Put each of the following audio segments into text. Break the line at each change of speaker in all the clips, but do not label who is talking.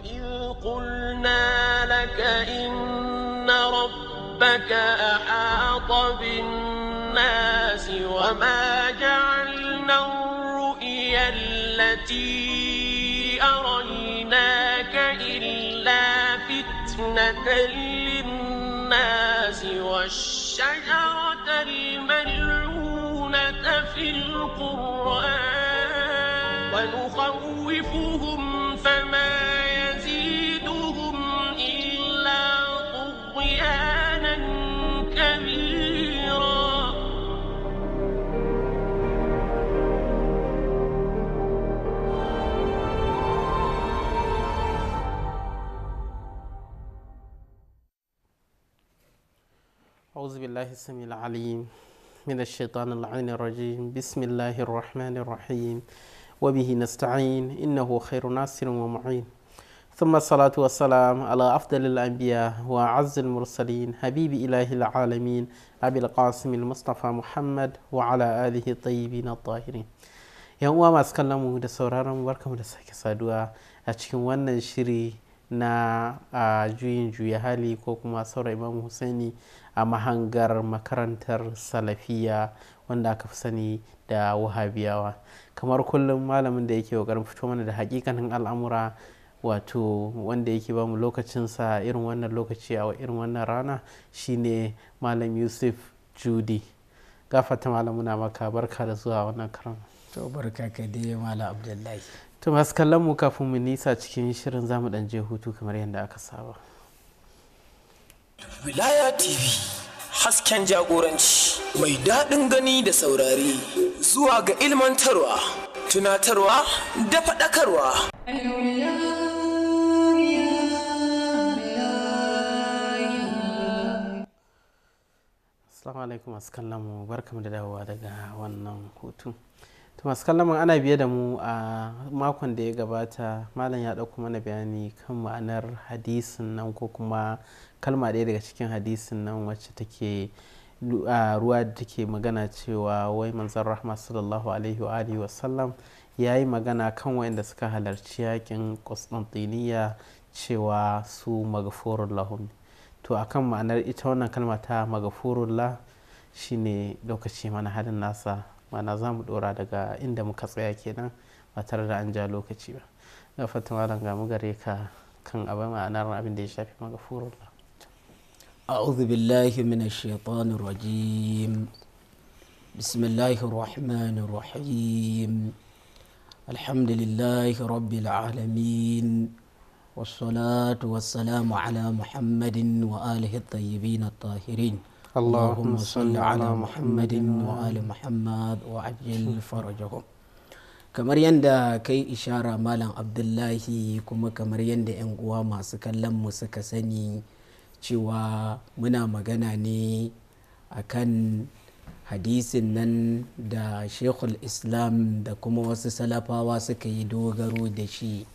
وإذ قلنا لك إن ربك
أحاط بالناس وما جعلنا الرؤيا التي أريناك إلا فتنة للناس والشجرة الملعونة في القرآن ونخوفهم فما
بالله السميع العليم من الشيطان اللعين الرجيم بسم الله الرحمن الرحيم وبه نستعين إنه خير ناصر ومعين ثم الصلاة والسلام على أفضل الأنبياء وأعز المرسلين حبيب إله العالمين أبي القاسم المصطفى محمد وعلى آله الطيبين الطاهرين يا uwa masu kallon mu da sauraron barkamu da sake saduwa a cikin wannan shiri na juyin juya hali ko kuma saura imam husaini a mahangar makarantar salafiya wanda aka fi sani da wahabiyawa kamar kullum malamin da yake ƙoƙarin fito mana da hakikanin al'amura wato wanda yake bamu lokacinsa irin wannan lokaci a irin wannan rana shine malam yusuf judy gafata malamuna maka barka da zuwa wannan karan to barka ka dai malam abdullahi to masu kallon mu kafin mu nisa cikin shirin zamu dan je hutu kamar yadda aka saba
Wilaya TV hasken jagoranci mai daɗin gani da saurari, zuwa ga ilmantarwa, tunatarwa da faɗakarwa.
Assalamu alaikum masu kallon barkamu da dawowa daga wannan hutu. To masu kallon ana biye da mu a makon da ya gabata malam ya ɗauko mana bayani kan ma'anar hadisin nan ko kuma kalma ɗaya daga cikin hadisin nan wacce take a ruwa da take magana cewa wai manzan rahma sallallahu alaihi wa alihi wasallam ya yi magana kan wayanda suka halarci yakin kwastantiniya cewa su magafurun lahun to akan ma'anar ita wannan kalma ta magafurun la shine lokaci mana hadin nasa mana za mu dora daga inda muka tsaya kenan ba tare da an ja lokaci ba na fatan ga mu gare ka kan abin ma'anar abin da ya shafi magafurun la
أعوذ بالله من الشيطان الرجيم بسم الله الرحمن الرحيم الحمد لله رب العالمين والصلاة والسلام على محمد وآله الطيبين الطاهرين اللهم صل على محمد وآل محمد وعجل فرجهم kamar yadda kai ishara malam abdullahi kuma kamar yadda 'yan uwa masu kallon mu suka sani cewa muna magana ne akan hadisin nan da shekul islam da kuma wasu salafawa suka yi dogaro da shi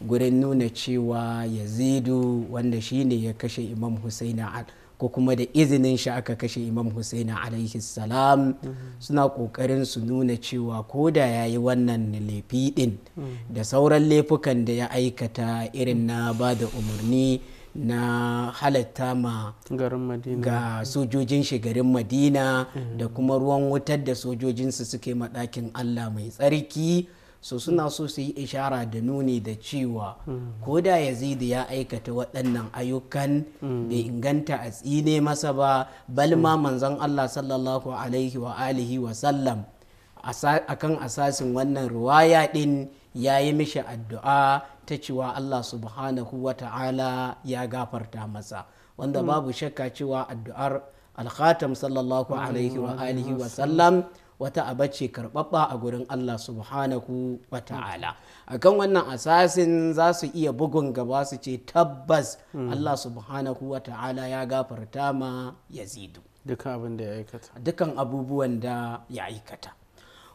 gurin nuna cewa yazidu wanda shi ne ya kashe imam husaini ko kuma da izinin shi aka kashe imam husaini alaihi salam mm-hmm. suna kokarin su nuna cewa ko da ya yi wannan laifi din mm. da sauran laifukan da ya aikata irin na ba da umarni na halatta ma ga sojojin shi garin madina mhm. da kuma ruwan wutar da sojojinsu suke maɗakin allah mai tsarki so suna so su yi ishara da nuni da cewa mhm. ko da yazidu ya aikata waɗannan ayyukan mhm. bai inganta a tsine masa ba balma manzon allah sallallahu alaihi wa alihi wa sallam akan asasin wannan ruwaya ɗin ya yi mishi addu'a ta cewa Allah subhanahu wa ta'ala ya gafarta masa wanda hmm. babu shakka cewa addu'ar alkhatam sallallahu hmm. alaihi wa alihi wa sallam wata abace karbabba a gurin Allah subhanahu wa ta'ala akan wannan asasin za su iya bugun gaba su ce tabbas hmm. Allah subhanahu wa ta'ala ya gafarta ma yazidu abin da ya aikata dukan abubuwan da ya aikata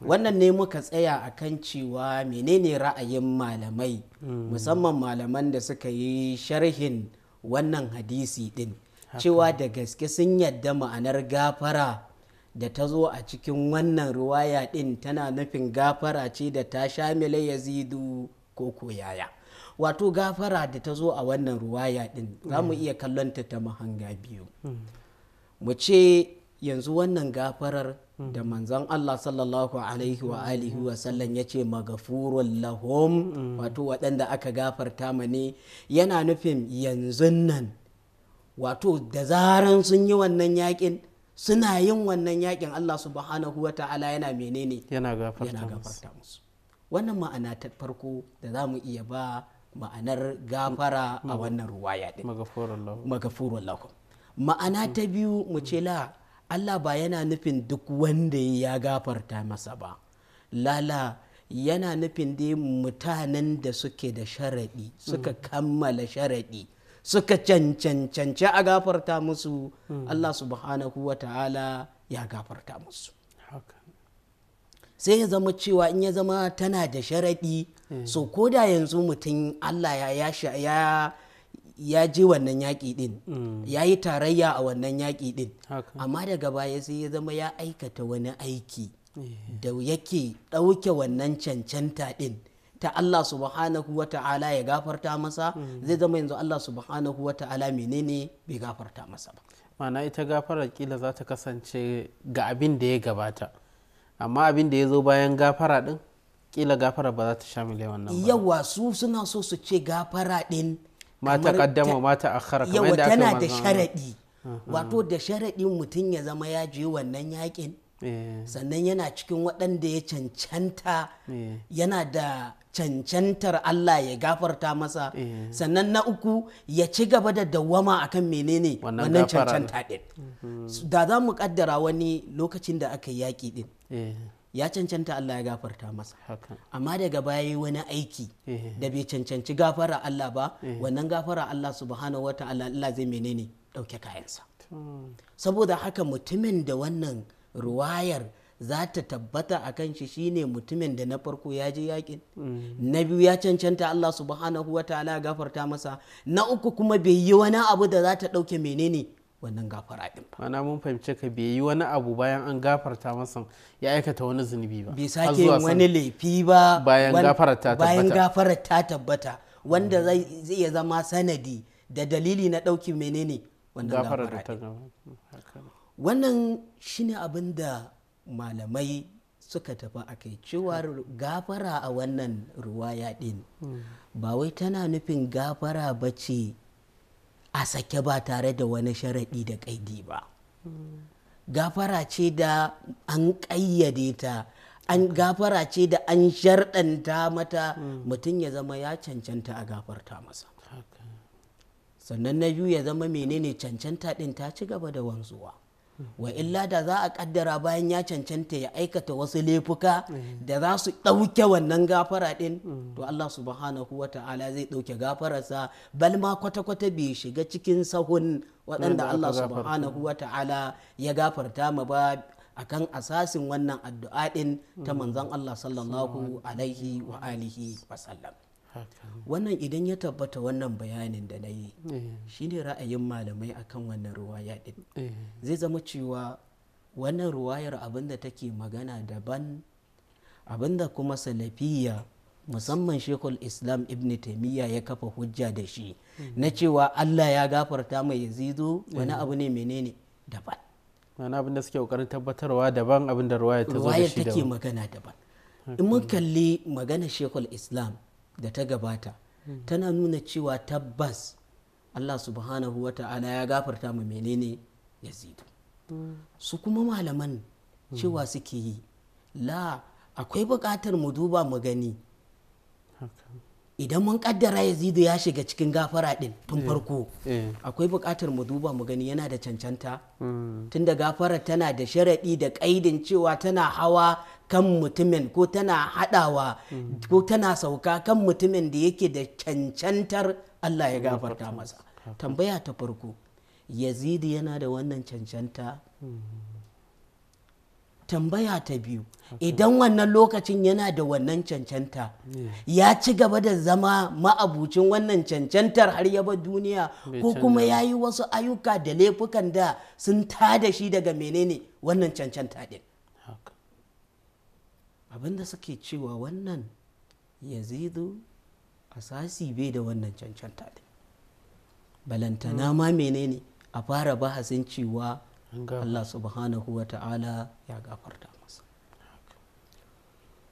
wannan ne muka tsaya a kan cewa menene ra'ayin malamai hmm. musamman malaman da suka yi sharhin wannan hadisi din cewa da gaske sun yadda ma'anar gafara da ta zo a cikin wannan ruwaya din tana nufin gafara ce da ta shamila yazidu ko koyaya wato gafara da ta zo a wannan ruwaya din za mu hmm. iya kallonta ta mahanga
biyu hmm.
mu ce yanzu wannan gafarar Hmm. da manzan Allah sallallahu alaihi wa alihi wa sallam ya ce magafurun lahum hmm. wato waɗanda aka gafarta ma ne yana nufin yanzu nan wato da zaran sun yi wannan yakin suna yin wannan yakin Allah subhanahu wa ta'ala yana menene
yana gafarta musu
wannan ma'ana ta farko da za mu iya ba ma'anar gafara a hmm. wannan ruwaya din magafurun lahum ma'ana ta biyu mu ce la Allah ba yana nufin duk wanda ya gafarta masa ba lala yana nufin dai mutanen da suke da sharaɗi suka mm. kammala sharaɗi suka cancancanci a gafarta musu mm. Allah subhanahu wa ta'ala ya gafarta musu sai ya zama cewa in ya zama tana da sharaɗi mm. so koda yanzu mutum Allah ya ya ya je wannan yaƙi ɗin mm. ya yi tarayya a wannan yaƙi ɗin amma daga baya sai ya zama ya aikata wani aiki eh. da yake ɗauke wannan cancanta ɗin ta Allah subhanahu wa ta'ala ya gafarta masa mm. zai zama yanzu Allah subhanahu wa ta'ala menene bai gafarta masa ba
mana ita gafarar kila za ta kasance ga abin da ya gabata amma abin da ya zo bayan gafara ɗin kila gafara ba za ta shamile wannan
ba yawa su suna so su ce gafara ɗin
mata kaddama mata akhara kamar yadda aka tana da sharadi
wato da sharadin mutum ya zama ya je wannan yakin eh. sannan yana cikin waɗanda ya cancanta eh. yana da cancantar Allah ya gafarta masa eh. sannan na uku ya ci gaba da dawwama akan menene wannan cancanta din mhm. da za mu kaddara wani lokacin da aka yi yaƙi din ya cancanta Allah ya gafarta masa amma daga baya wani aiki eh. da bai cancanci gafara Allah ba eh. wannan gafara Allah subhanahu wata'ala Allah zai menene dauke kayansa saboda haka mutumin da wannan ruwayar za ta tabbata a kan shi shine mutumin da na farko ya je yakin mm. na biyu ya cancanta Allah subhanahu wata'ala ya gafarta masa na uku kuma bai yi wani abu da za ta ɗauke menene
wannan gafara din ba ana mun fahimci ka bai yi wani abu bayan an gafarta masa ya aikata wani zunubi ba bai sake wani laifi ba bayan gafarar ta tabbata bayan gafarar
ta tabbata wanda mm. zai iya zama sanadi da dalili na ɗauki menene wannan gafara wannan ne abin da malamai suka tafi a kai cewar gafara a wannan ruwaya din mm. ba wai tana nufin gafara ba ce a sake ba tare da wani sharaɗi da ƙaidi ba gafara ce da an ƙayyade ta an gafara ce da an sharɗanta mata mutum ya zama ya cancanta a gafarta masa sannan na biyu ya zama menene cancanta ɗin ta ci gaba da wanzuwa wa illa da za a kaddara bayan ya cancanta ya aikata wasu laifuka da za su ɗauke wannan gafara ɗin to Allah subhanahu wa ta'ala zai ɗauke gafararsa bal ma kwata-kwata bai shiga cikin sahun waɗanda Allah subhanahu wa ta'ala ya gafarta ma ba akan asasin wannan addu'a ɗin ta manzon Allah sallallahu alaihi wa alihi wa sallam wannan idan ya tabbata wannan bayanin da na yi eh. shine ra'ayin malamai akan wannan ruwaya din eh. zai zama cewa wannan ruwayar abinda take magana daban abinda kuma salafiya musamman shekul islam ibn taimiyya ya kafa hujja da shi hmm. na cewa allah ya gafarta mai yazido wani eh. abu ne menene daban
wani abin da suke kokarin tabbatarwa daban abin da ruwaya ta zo da shi daban take magana
daban in mun kalli magana shekul islam da ta gabata hmm. tana nuna cewa tabbas Allah subhanahu wa ta'ala ya gafarta mu menene yazidu hmm. su kuma malaman hmm. cewa suke yi la akwai buƙatar mu duba mu gani idan mun kaddara yazidu ya shiga cikin gafara din tun eh, farko eh. akwai bukatar mu duba mu gani yana da cancanta hmm. tunda gafara tana da sharaɗi da ƙaidin cewa tana hawa kan mutumin ko tana haɗawa hmm. ko tana sauka kan mutumin da yake da cancantar Allah ya gafarta masa tambaya ta farko yazidu yana da wannan cancanta hmm. tambaya ta biyu idan wannan lokacin yana da wannan cancanta ya ci gaba da zama ma'abucin wannan cancantar har yaba duniya ko kuma ya yi wasu ayyuka da laifukan da sun tada shi daga menene wannan cancanta din abinda suke cewa wannan yazidu asasi bai da wannan cancanta din balantana hmm. ma menene a fara bahasin cewa Allah subhanahu wa ta'ala ya gafarta masa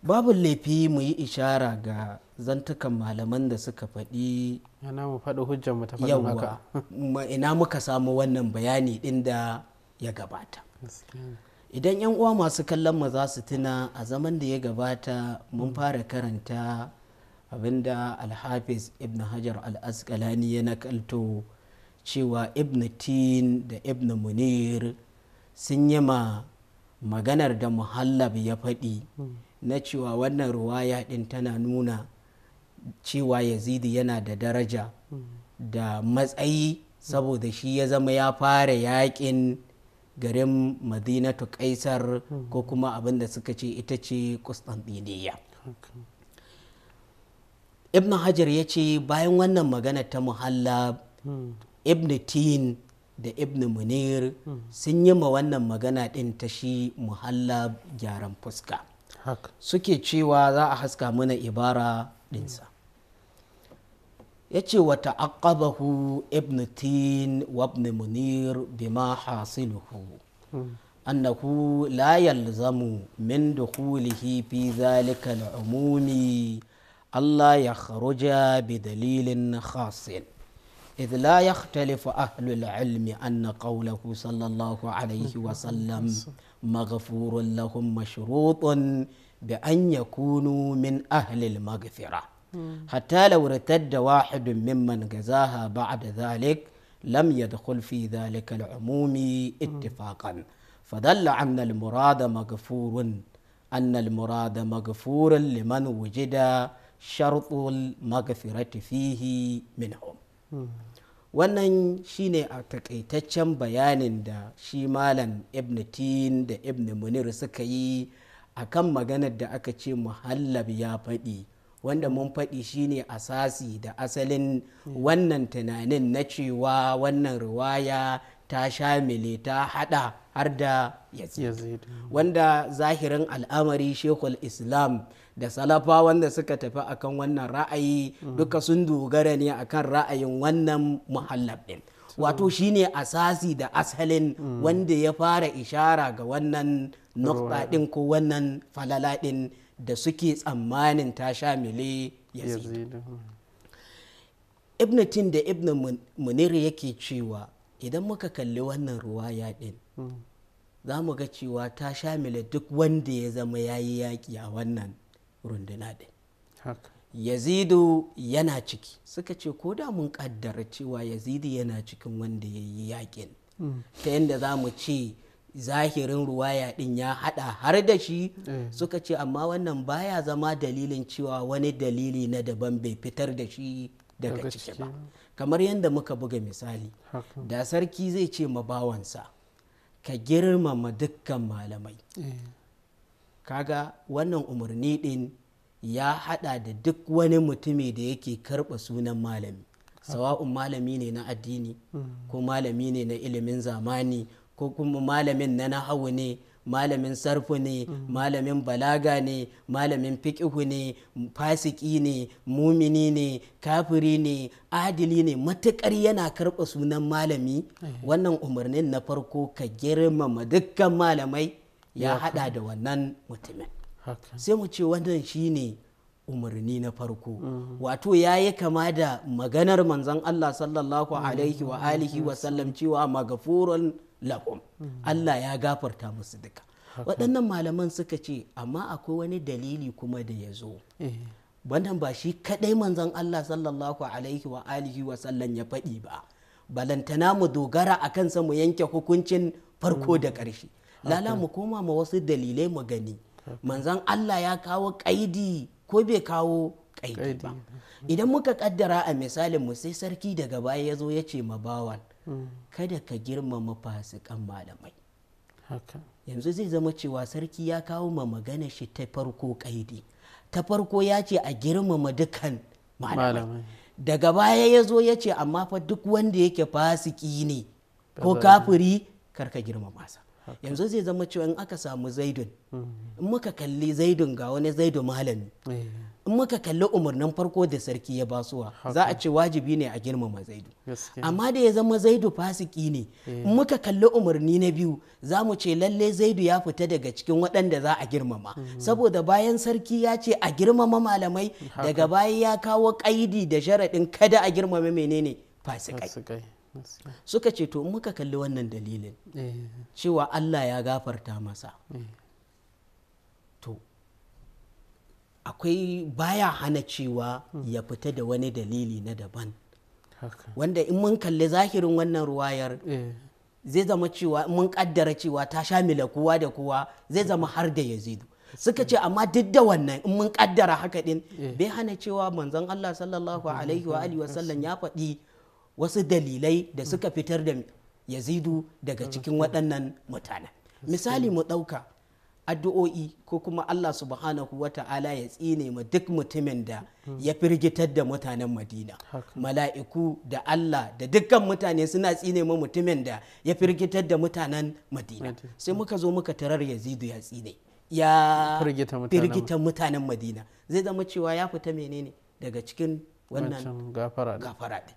babu laifi mu yi ishara ga zantukan malaman da suka faɗi yana ina muka samu wannan bayani ɗin da ya gabata idan yan uwa masu kallon mu za su tuna a zaman da ya gabata mun fara karanta abinda alhafiz ibn hajar al-asqalani ya nakalto cewa ibn tin da ibn munir sun yi ma maganar da muhallab ya faɗi na cewa wannan ruwaya ɗin tana nuna cewa yazidi yana da daraja da matsayi saboda shi ya zama ya fara yaƙin garin madinatu kaisar ko kuma abin da suka ce ita ce kustantiniya ibn hajar ya ce bayan wannan magana ta muhallab ibn tin da ibn munir sun yi ma wannan magana ɗin ta shi muhalla gyaran fuska suke cewa za a haska mana ibara ɗinsa ya ce wata aqabahu ibn tin wa ibn munir bima hasiluhu annahu la yalzamu min dukhulihi fi zalika al'umumi Allah ya kharuja bi dalilin khasin إذ لا يختلف أهل العلم أن قوله صلى الله عليه وسلم مغفور لهم مشروط بأن يكونوا من أهل المغفرة حتى لو ارتد واحد ممن جزاها بعد ذلك لم يدخل في ذلك العموم اتفاقا فدل أن المراد مغفور أن المراد مغفور لمن وجد شرط المغفرة فيه منهم wannan shine a takaitaccen bayanin da shi malam ibn tin da ibn munir suka yi a kan maganar da aka ce muhallab ya faɗi wanda mun faɗi shine asasi da asalin wannan tunanin na cewa wannan riwaya ta shamile ta hada har da yazid wanda zahirin al'amari shekul islam da salafa wanda suka tafi akan wannan ra'ayi duka sun dogara ne akan ra'ayin wannan muhallab din wato shine asasi da asalin wanda ya fara ishara ga wannan
nokta din
ko wannan falala din da suke tsammanin ta shamile
yazid hmm.
ibn tin da ibn munir yake cewa idan muka kalli wannan ruwaya din hmm. za mu ga cewa ta shamila duk wanda ya zama yayi yi yaƙi a wannan runduna ɗin yazidu yana ciki suka ce ko da mun kaddara cewa yazidu yana cikin wanda ya yi yakin mm. ta yadda za mu ce zahirin ruwaya din ya hada har da shi eh. suka ce amma wannan baya zama dalilin cewa wani dalili na daban bai fitar da shi daga ciki ba kamar yadda muka buga misali da sarki zai ce ma bawansa ka girmama dukkan malamai eh. kaga wannan umarni din ya hada da duk wani mutumi da yake karɓa sunan malami sawa'un malami ne na addini ko malami ne na ilimin zamani ko kuma malamin na nahawu ne malamin sarfu ne malamin balaga ne malamin fiƙihu ne fasiki ne mumini ne kafiri ne adili ne matuƙar yana karɓa sunan malami eh. wannan umarnin na farko ka girmama dukkan malamai
ya hada da
wannan mutumin sai mu ce wannan shine umarni na farko mm. wato ya yi kama da maganar manzon Allah sallallahu mm. alaihi wa alihi wa mm. sallam cewa magafurun lakum Allah ya gafarta musu duka waɗannan malaman suka ce amma akwai wani dalili kuma da ya zo eh. wannan ba shi kadai manzon Allah sallallahu alaihi wa alihi wa sallam ya faɗi ba balantana mu dogara a sa mu yanke hukuncin farko da ƙarshe lala mu koma ma wasu dalilai mu gani manzan Allah ya kawo kaidi ko bai kawo kaidi ba idan muka kaddara a misalin mu sai sarki daga baya ya zo ya ce ma bawan hmm. kada ka girmama fasikan malamai yanzu zai zama cewa sarki ya kawo ma magana shi ta farko kaidi ta farko ya ce a girmama dukkan malamai daga baya ya zo ya ce amma fa duk wanda yake fasiki ne ko kafiri karka girmama sa yanzu zai zama cewa in aka samu zaidun mm. in muka kalli zaidun ga wani zaidu malami eh. in muka kalli umarnin farko da sarki ya basuwa za a ce wajibi ne a girmama zaidu amma da ya zama zaidu fasiki ne eh. in muka kalli umarni na biyu za mu ce lalle zaidu ya fita daga cikin waɗanda za a girmama mm. saboda bayan sarki ya ce a girmama malamai daga baya ya kawo kaidi da sharaɗin kada a girmama menene fasikai suka ce to muka kalli wannan dalilin eh. cewa Allah ya gafarta masa eh. to akwai baya hana cewa hmm. ya fita da wani dalili na daban wanda in mun kalli zahirin wannan ruwayar eh. zai zama cewa mun kaddara cewa ta shamila kowa da kowa zai zama har da yazidu suka ce amma duk da wannan in mun kaddara haka din bai hana cewa manzon Allah sallallahu alaihi wa alihi sallam ya faɗi wasu dalilai da mm. suka fitar da yazidu daga mm. cikin waɗannan mutanen misali mu ɗauka addu'o'i ko kuma Allah subhanahu wa ta'ala ya tsine ma duk mutumin da mm. ya firgitar da mutanen Madina mala'iku da Allah da dukkan mutane suna tsine ma mutumin da ya firgitar da mutanen Madina sai muka zo muka tarar Yazidu ya tsine ya firgita mutanen Madina zai zama cewa ya fita menene daga cikin wannan gafara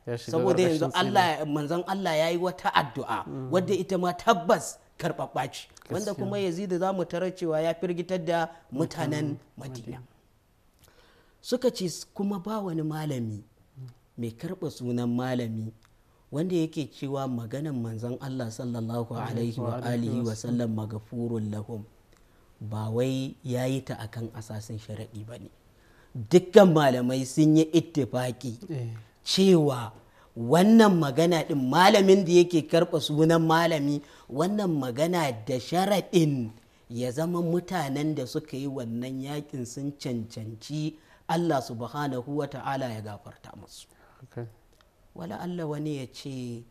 ne saboda yanzu Allah
manzon Allah yayi wata addu'a mm. wadda ita ma tabbas karɓaɓɓa ce wanda kuma yazid za mu tarar cewa ya firgitar da mutanen madina suka ce kuma ba wani malami mai karɓa sunan malami wanda yake cewa maganan manzon Allah sallallahu alaihi wa alihi wa sallam lahum ba wai yayi ta akan asasin shari'i ba ne dukkan malamai sun yi ittifaki eh. cewa wannan magana din malamin da yake karɓa sunan malami wannan magana da sharaɗin ya zama mutanen da suka yi wannan yakin sun cancanci Allah subhanahu wa ta'ala ya gafarta masu. wala Allah wani ya ce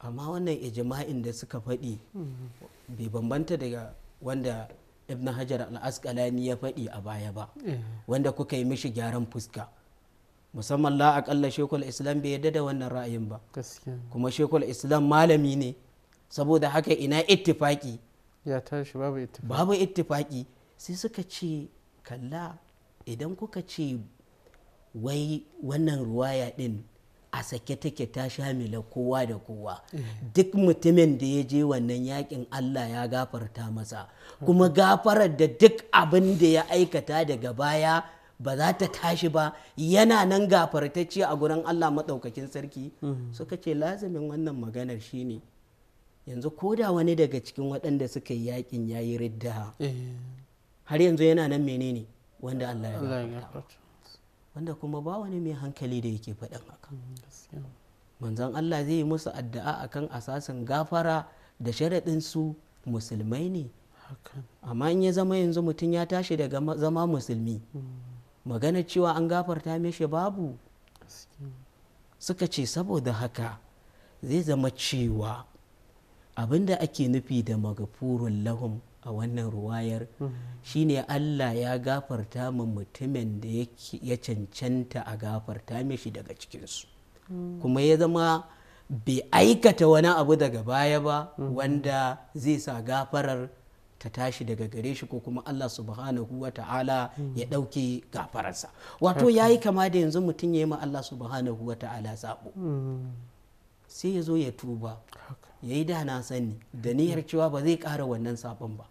amma wannan ijima'in da suka faɗi
mm-hmm.
bai bambanta daga wanda ibn hajar al-asqalani ya faɗi a baya ba eh. wanda kuka yi mishi gyaran fuska musamman la aƙalla shekul islam bai yadda da wannan ra'ayin ba kuma shekul islam malami ne saboda haka ina ittifaki ya tashi babu ittifaki babu ittifaki sai suka ce kalla idan kuka ce wai wannan ruwaya din a sake take ta shamila kowa da kowa eh. duk mutumin da ya je wannan yakin Allah ya gafarta masa kuma gafarar da duk abin da ya aikata daga baya ba za ta tashi ba yana nan gafartacce a gurin Allah maɗaukakin sarki hmm. suka ce lazimin wannan maganar shine yanzu ko da wani daga cikin waɗanda suka yi yakin ya yi ridda eh. har yanzu yana nan menene wanda Allah ya gafarta wanda kuma ba wani mai hankali da yake faɗin haka
mm,
manzon Allah zai yi musu addu'a akan asasin gafara da sharaɗin su musulmai ne amma in ya zama yanzu mutum ya tashi daga zama musulmi mm. magana cewa an gafarta mishi babu suka ce saboda haka zai zama cewa abinda ake nufi da magafurun lahum a wannan ruwayar mm-hmm. shine Allah ya gafarta ma mutumin da ya cancanta a gafarta mishi daga cikinsu mm-hmm. kuma ya zama bai aikata wani abu daga baya ba mm-hmm. wanda zai sa gafarar ta tashi daga gare shi ko kuma Allah subhanahu wa ta'ala ya ɗauke gafararsa wato ya yi kama da yanzu mutum ya yi ma Allah subhanahu wa ta'ala zaɓo sai ya zo ya tuba ya yi da na sani da niyyar cewa ba zai ƙara wannan saɓon ba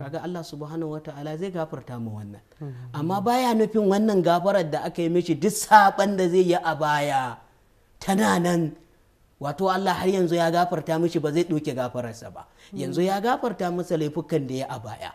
kaga Allah subhanahu ta'ala zai gafarta mu wannan mm. amma baya nufin wannan gafarar da aka yi mishi duk saban da zai yi a baya tana nan wato Allah har yanzu ya gafarta mishi ba zai ɗauke gafararsa ba mm. yanzu ya gafarta masa laifukan da ya a baya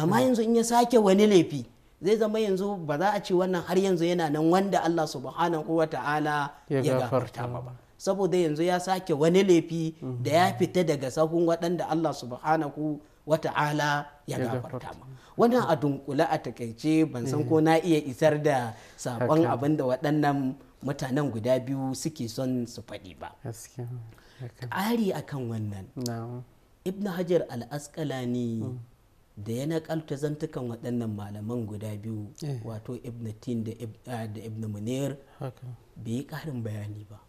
amma yanzu in ya sake wani laifi zai zama yanzu ba za a ce wannan har yanzu yana nan wanda Allah subhanahu wa ta'ala ya gafarta ba saboda yanzu ya sake wani laifi da ya mm-hmm. fita daga sahun waɗanda Allah subhanahu wata'ala ala ya gafarta mu wani a dunkula a takaice ban san ko mm. na iya isar da sabon abin da waɗannan mutanen guda biyu suke son su faɗi ba ƙari kan wannan ibn hajar al askalani mm. da ya nakalta zantukan waɗannan malaman guda biyu eh. wato ibn tin da ibn ah, munir bai yi ƙarin bayani ba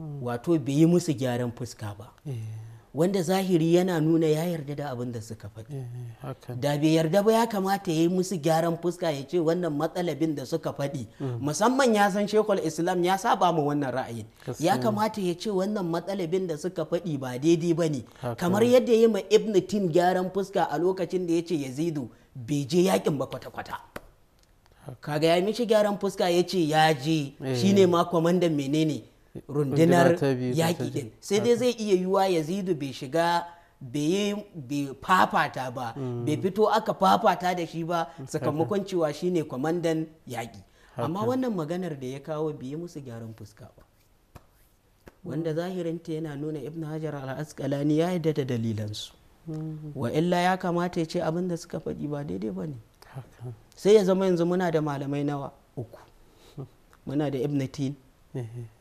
mm. wato bai yi musu gyaran fuska ba eh. wanda zahiri yana nuna ya yarda da abin da suka faɗi eh, eh, da bai yarda ba ya kamata ya yi musu gyaran fuska ya ce wannan matsalabin da suka faɗi mm. musamman ya san shekul islam ya saba mu wannan ra'ayin ya kamata ya ce wannan matsalabin da suka faɗi ba daidai ba ne kamar yadda ya yi ma ibn tin gyaran fuska a lokacin da ya ce yazidu bai je yakin ba kwata-kwata kaga ya mishi gyaran fuska ya ce ya je eh. shine ma kwamandan menene rundunar yaƙi din sai dai zai iya yiwuwa yazidu bai shiga bai fafata ba mm. bai fito aka fafata da shi ba sakamakon cewa shine kwamandan yaƙi amma wannan maganar da ya kawo biye musu gyaran fuska ba wanda mm. zahirinta yana nuna ibn hajar al-asqalani ya yadda da
dalilansu mm. wa
illa ya kamata ya ce abin da suka faɗi ba daidai ba ne sai ya zama yanzu muna da malamai nawa uku muna da ibn tin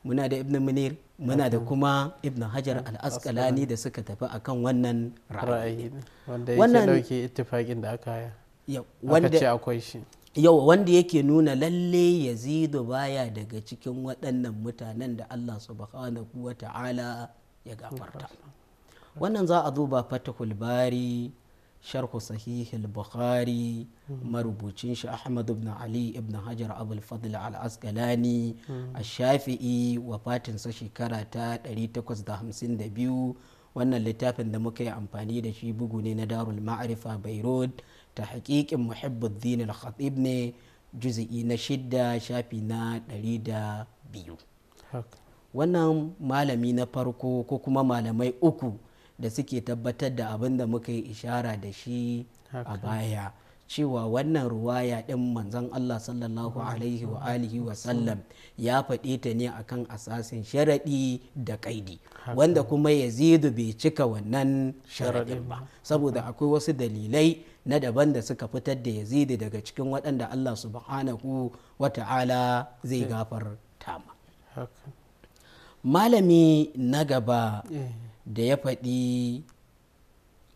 muna da ibn munir muna da kuma ibn hajar al-asqalani da suka tafi akan wannan ra'ayi wanda yake dauke ittifaqin da aka ce akwai shi yau wanda yake nuna lalle yazidu baya daga cikin waɗannan mutanen da Allah subhanahu wa ta'ala ya gafarta wannan za a duba fatahul bari sharhu sahihil bukhari marubucin shi ahmad ibn ali ibn hajar abul fadl al asqalani hmm. ash-shafi'i wafatinsa shekara ta 852 wannan littafin da muka yi amfani da shi bugu ne na darul ma'arifa bayrod ta haƙiƙin din al-khatib ne juzi na shidda shafi na 102 wannan malami na farko ko kuma malamai uku da suke tabbatar da abin da muka yi ishara da shi a baya cewa wannan ruwaya ɗin manzon Allah sallallahu alaihi wa alihi wa sallam ya faɗi ta ne akan asasin sharaɗi da kaidi wanda kuma yazidu bai cika wannan sharaɗin ba saboda akwai wasu dalilai na daban da suka fitar da yazidu daga cikin waɗanda Allah subhanahu wa ta'ala zai eh. gafar ma malami na gaba eh. da ya faɗi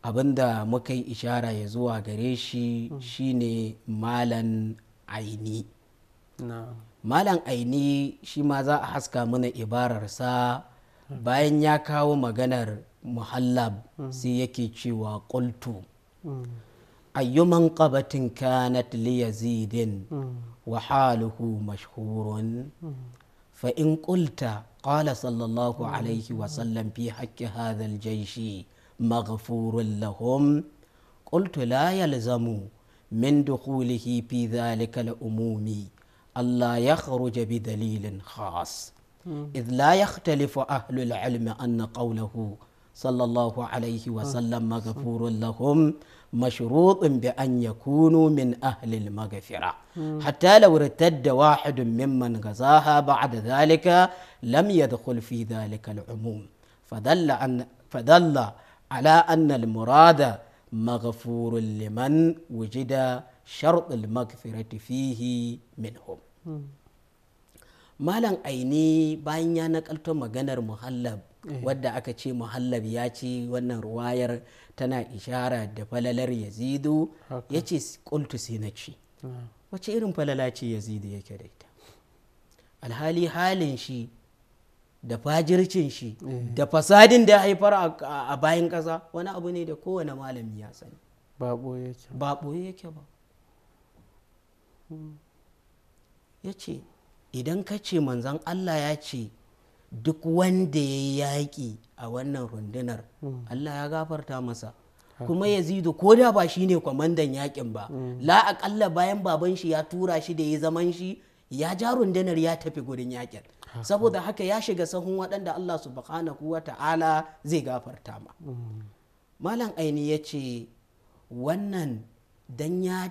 abinda muka yi ishara ya zuwa gare shi mm. shine malan aini malan aini shi ma za a haska mana ibararsa mm. bayan ya kawo maganar muhallab mm. sai yake cewa ƙultu ayyuman ƙabatin kanat liyazidin wa haluhu mashhurun fa in ƙulta قال صلى الله عليه وسلم في حق هذا الجيش مغفور لهم قلت لا يلزم من دخوله في ذلك الأموم ألا يخرج بدليل خاص إذ لا يختلف أهل العلم أن قوله صلى الله عليه وسلم مغفور لهم مشروط بأن يكونوا من أهل المغفرة حتى لو ارتد واحد ممن غزاها بعد ذلك لم يدخل في ذلك العموم فدل, أن فدل على أن المراد مغفور لمن وجد شرط المغفرة فيه منهم مالا أيني bayan ya مغنر maganar Eh. wadda aka ce muhallab ya ce wannan ruwayar tana ishara da falalar yazidu ya ce kultu sai na ah. wace irin falala ce yazidu yake da ita alhali halin shi da fajircin shi eh. da fasadin da haifar a bayan ƙasa wani abu ne da kowane malami ya sani ba ɓoye yake ba hmm. ya ce idan ka ce manzan allah ya ce duk wanda ya yi yaƙi a wannan rundunar Allah ya gafarta masa kuma yazidu ko da ba shi ne kwamandan yaƙin ba mm. la aƙalla bayan baban shi ya tura shi da ya zaman shi ya ja rundunar ya tafi gurin yaƙin saboda haka ya shiga sahun waɗanda Allah subhanahu wa ta'ala zai gafarta ma mm. malam aini ya ce wannan dan ya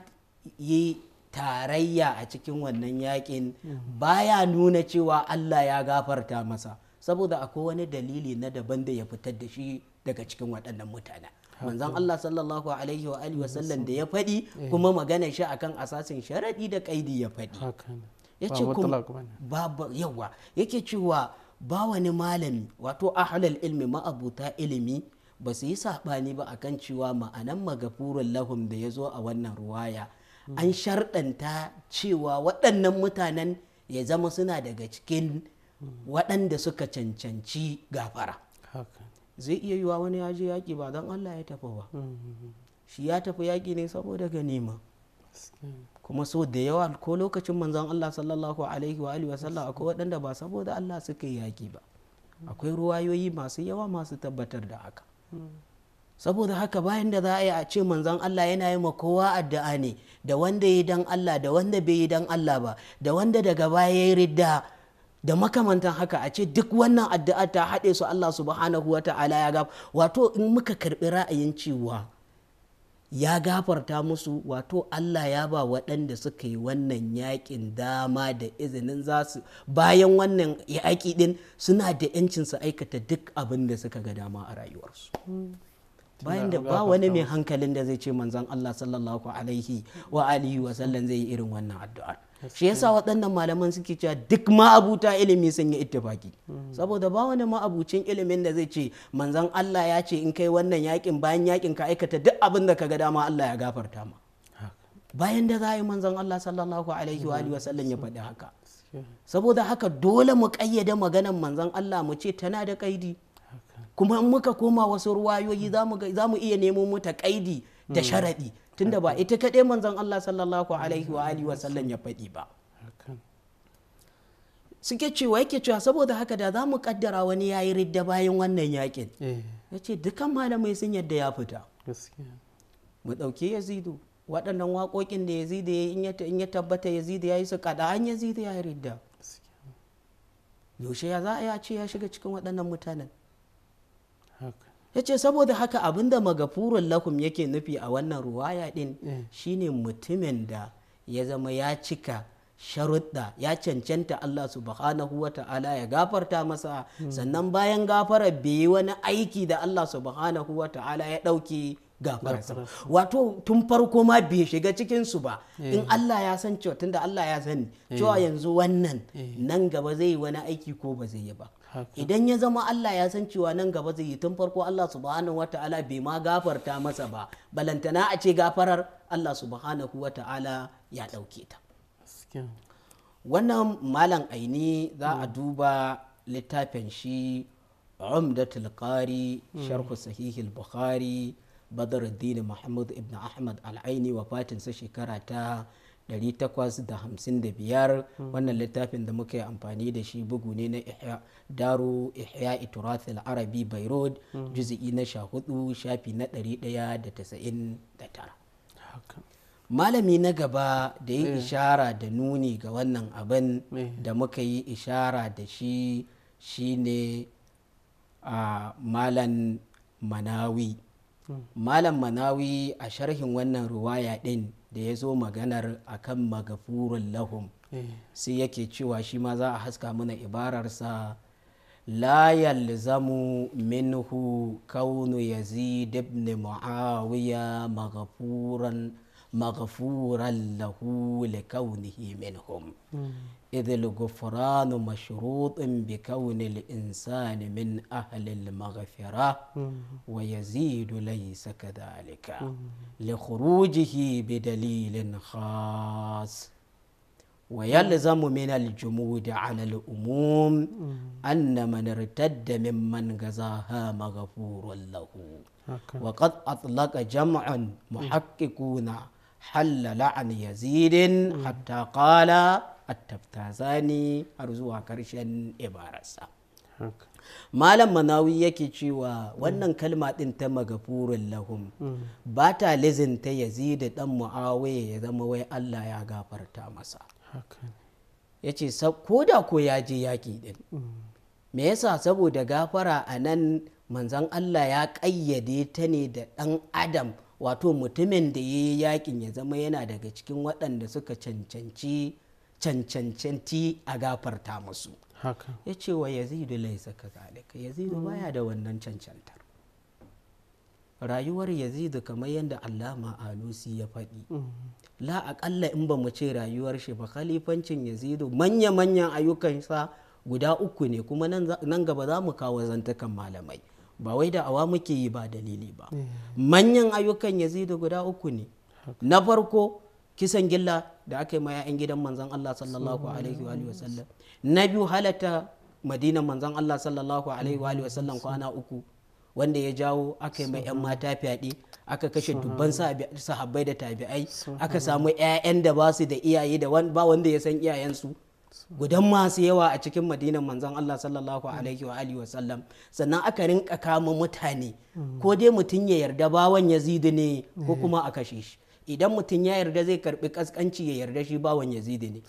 yi tarayya a cikin wannan yakin baya nuna cewa Allah ya gafarta masa saboda akwai wani dalili na daban da ya fitar da shi daga cikin waɗannan mutane manzon Allah sallallahu alaihi wa alihi wasallam da ya faɗi eh. kuma magana shi akan asasin sharadi da kaidi ya faɗi yace kuma yawa yake cewa ba wani malami wato ahlul ilmi ma'abuta ilimi ba su yi saɓani ba akan cewa ma'anan magafurun lahum da ya zo a wannan ruwaya an sharɗanta cewa waɗannan mutanen ya zama suna daga cikin waɗanda suka cancanci gafara zai iya yiwa wani ya je yaƙi ba don allah ya tafi ba mm, mm, mm. shi ya tafi yaƙi ne saboda ganima kuma so da yawa ko lokacin manzon allah sallallahu alaihi wa alihi wasallam akwai waɗanda ba saboda allah suka yi yaƙi ba akwai ruwayoyi masu yawa masu tabbatar da haka saboda haka bayan da za a yi a ce manzon Allah yana yi ma kowa addu'a ne da wanda yi dan Allah da wanda bai yi dan Allah ba da wanda daga baya ya yi ridda da makamantan haka a ce duk wannan addu'a ta haɗe su Allah subhanahu wa ta'ala ya gaf wato in muka karɓi ra'ayin cewa ya gafarta musu wato Allah ya ba waɗanda suka yi wannan yaƙin dama da izinin za su bayan wannan yaƙi ɗin suna da 'yancin su aikata duk abin da suka ga dama a rayuwarsu.
Mm. bayan da ba wani mai
hankalin da zai ce manzan Allah sallallahu alaihi wa alihi wa sallam zai yi irin wannan addu'a shi yasa waɗannan malaman suke cewa duk ma'abuta ilimi sun yi ittifaki hmm. saboda ba wani ma'abucin ilimin da zai ce manzan Allah ya ce in kai wannan yakin bayan yakin ka aikata duk abin da ka ga dama Allah ya gafarta ma bayan da za a yi manzan Allah sallallahu alaihi wa alihi wa sallam ya faɗi haka saboda haka dole mu kayyade maganar manzon Allah mu ce tana da kaidi kuma in muka koma wasu ruwayoyi za mu iya nemo mata kaidi da hmm. sharaɗi tunda ba ita kaɗai manzon Allah sallallahu alaihi wa alihi wasallam ya faɗi ba suke cewa yake cewa saboda haka da za mu kaddara wani yayi ridda bayan wannan yakin eh. ya ce dukan malamai sun yadda ya fita mu ɗauki yazidu waɗannan waƙoƙin da yazidu ya in ya tabbata yazidu ya yi su kaɗa an yazidu ya yi ridda yaushe ya za a ce ya shiga cikin waɗannan mutanen ya ce saboda haka abinda magafurun lakum yake nufi a wannan ruwaya din eh. shine mutumin da ya zama ya cika sharuɗa ya cancanta Allah subhanahu wa ta'ala ya gafarta masa hmm. sannan bayan gafara bai yi wani aiki da Allah subhanahu wa ta'ala ya ɗauki gafarsa wato tun farko ma bai shiga cikinsu ba eh. in Allah ya san cewa tunda Allah ya sani eh. cewa yanzu wannan nan gaba zai yi wani aiki ko ba zai yi ba idan ya zama Allah ya san cewa nan gaba zai yi tun farko Allah subhanahu wata'ala bai ma gafarta masa ba balantana a ce gafarar Allah subhanahu wata'ala ya ɗauke ta wannan malam aini za a hmm. duba littafin shi umdatul qari hmm. sharhu sahihil bukhari badruddin mahmud ibn ahmad al-aini wafatinsa shekara ta 855 wannan littafin da muka yi amfani da shi bugu ne na daru ihya iturathil arabi bayrod juzi'i na sha hudu shafi na 199 malami na gaba da yi eh. ishara da nuni ga wannan abin eh. da muka yi ishara da shi shine a malan manawi hmm. malam manawi a sharhin wannan ruwaya din da ya zo maganar akan magafurin lahum eh. sai yake cewa shi ma za a haska mana ibararsa layal zamu minhu kaunu yazid ibn muawiya magafuran مغفورا له لكونه منهم إذ الغفران مشروط بكون الإنسان من أهل المغفرة ويزيد ليس كذلك لخروجه بدليل خاص ويلزم من الجمود على الأموم أن من ارتد ممن جزاها مغفور له وقد أطلق جمع محققون halla la'an yazidin hatta qala attabtazani har zuwa karshen ibarasa. malam manawi yake cewa wannan kalma din ta magafurin lahum mm. ba ta lizinta yazidi dan muawiya ya zama wai allah ya gafarta masa ya ce ko da ko ya je yaƙi din mm. me yasa saboda gafara a nan manzan allah ya ƙayyade ta ne da ɗan adam wato mutumin da ya yi yakin ya zama yana daga cikin waɗanda suka cancanci cancancanti a gafarta musu ya ce wa yazidu laisa ka zalika yazidu mm. baya da wannan cancantar rayuwar yazidu kamar yadda allama alusi ya faɗi mm. la aƙalla in ba mu ce rayuwar shi ba khalifancin yazidu manya-manyan ayyukansa guda uku ne kuma nan gaba za mu kawo zantukan malamai ba wai da awa muke yi ba dalili ba hmm. manyan ayyukan da guda uku ne na farko kisan gilla da aka yi ma 'ya'yan gidan manzan Allah sallallahu alaihi wa sallam na biyu halatta madinan manzan Allah sallallahu alaihi wa sallam kwana uku wanda ya jawo aka yi mai 'yan mata fyaɗe aka kashe dubban sahabbai da tabi'ai aka samu 'ya'yan da ba su da iyaye da ba wanda ya san iyayensu gudan masu yawa a cikin madinan manzon Allah sallallahu alaihi wa alihi wasallam sannan aka rinka kama mutane ko dai mutum ya yarda bawan yazidi ne ko eh. kuma a kashe shi idan mutum ya yarda zai karbi kaskanci ya yarda shi bawan yazidi ne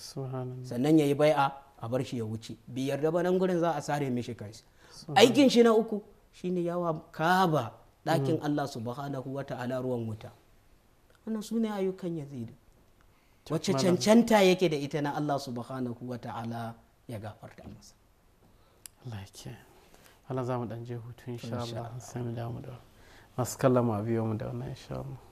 sannan ya yi bai'a a bar shi ya wuce bi yarda ba nan gurin za a sare mishi kansa aikin shi na uku shine yawa kaba ɗakin Allah subhanahu wa ta'ala ruwan wuta wannan su ayyukan yazidi wacce cancanta yake da ita na Allah subhanahu wa ta'ala ya gafarta masa
Allah ya Allah za mu dan je hutu insha Allah sai mu damu da masu kallama biyo mu da wannan insha Allah